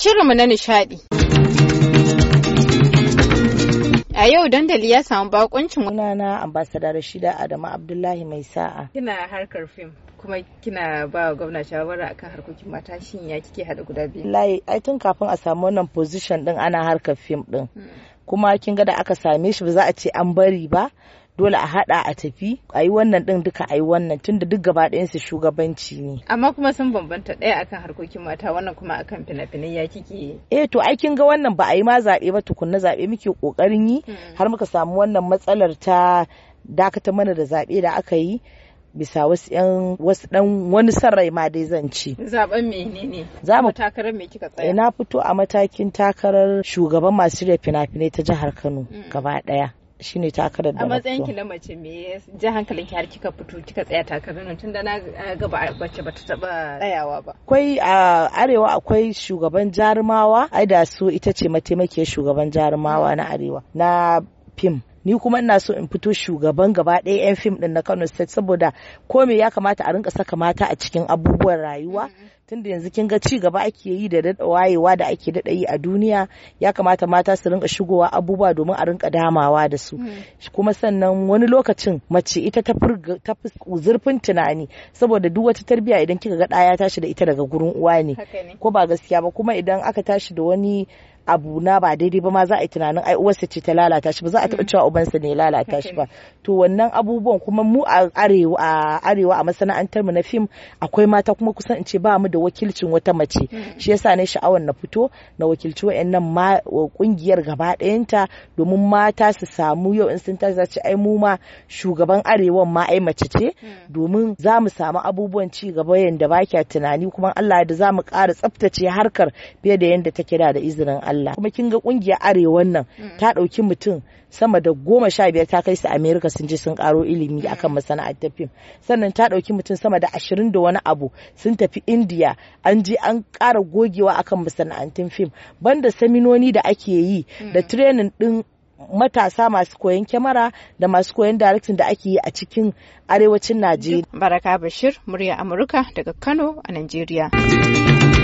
Shirinmu na nishaɗi. A yau dandali ya samu bakuncin na ambasada Rashida Adamu Abdullahi mai sa'a. Kina harkar fim kuma kina ba gwamna shawara akan harkokin mata shin ya kike hada guda biyu? Lai ai tun kafin a samu wannan position din ana harkar fim din. Hmm. Kuma kin ga da aka same shi ba za a ce an bari ba dole a hada a tafi a yi wannan din duka a yi wannan tunda duk gaba ɗayan shugabanci ne amma kuma sun bambanta ɗaya akan harkokin mata wannan kuma akan fina-finai ya kike eh to ai kin ga wannan ba a yi ma zaɓe ba tukunna zaɓe muke kokarin yi hmm. har muka samu wannan matsalar ta dakata mana da zaɓe da aka yi bisa wasu yan wasu dan wani san rai ma dai zan ci. Zaben menene? Za mu takarar me kika tsaya? Eh, na fito a matakin takarar shugaban masu shirya fina-finai ta jihar Kano hmm. gaba daya. shine takarar da a matsayin ki na mace me ji hankalin ki har kika fito kika tsaya takarar nan tunda na ga ba bace bata taba tsayawa ba akwai a arewa akwai shugaban jarumawa ai da su ita ce mataimakiyar shugaban jarumawa na arewa na fim ni kuma ina so in fito shugaban gaba ɗaya 'yan fim ɗin na kano state saboda komai ya kamata a rinka saka mata a cikin abubuwan rayuwa mm-hmm. tunda yanzu kin ga ci gaba ake yi da daɗa wayewa da ake daɗa yi a duniya ya kamata mata su rinka shigowa abubuwa domin a rinka damawa da su mm-hmm. kuma sannan wani lokacin mace ita ta ta fi zurfin tunani saboda duk wata tarbiya idan kika ga ɗaya tashi da ita daga gurin uwa ne ko ba gaskiya ba kuma idan aka tashi da wani abu na ba daidai ba ma za a yi tunanin ai uwarsa ce ta lalata shi ba za a taɓa mm. cewa ubansa ne lalata shi ba to wannan abubuwan kuma mu a arewa a arewa a masana'antar mu na fim akwai mata kuma kusan in ce ba mu da wakilcin wata mace mm. shi yasa ne sha'awar na fito na wakilci wayannan ma kungiyar gaba ɗayanta domin mata su samu yau in sun ta ce ai mu ma shugaban arewan ma ai mace ce mm. domin za mu samu abubuwan ci gaba yanda ba tunani kuma Allah da za mu ƙara tsaftace harkar fiye da yanda take da izinin Allah Allah kuma kin ga kungiyar arewan nan mm. ta dauki mutum sama da goma sha biyar ta kai su Amerika sun je sun karo ilimi mm. akan masana'antar fim sannan ta dauki mutum sama da ashirin da wani abu sun tafi India an je an kara gogewa akan masana'antun fim banda saminoni da ake yi mm. da training din matasa masu koyon kyamara da masu koyon directing da ake yi a cikin arewacin Najeriya. Baraka Bashir, murya Amurka daga Kano a Najeriya.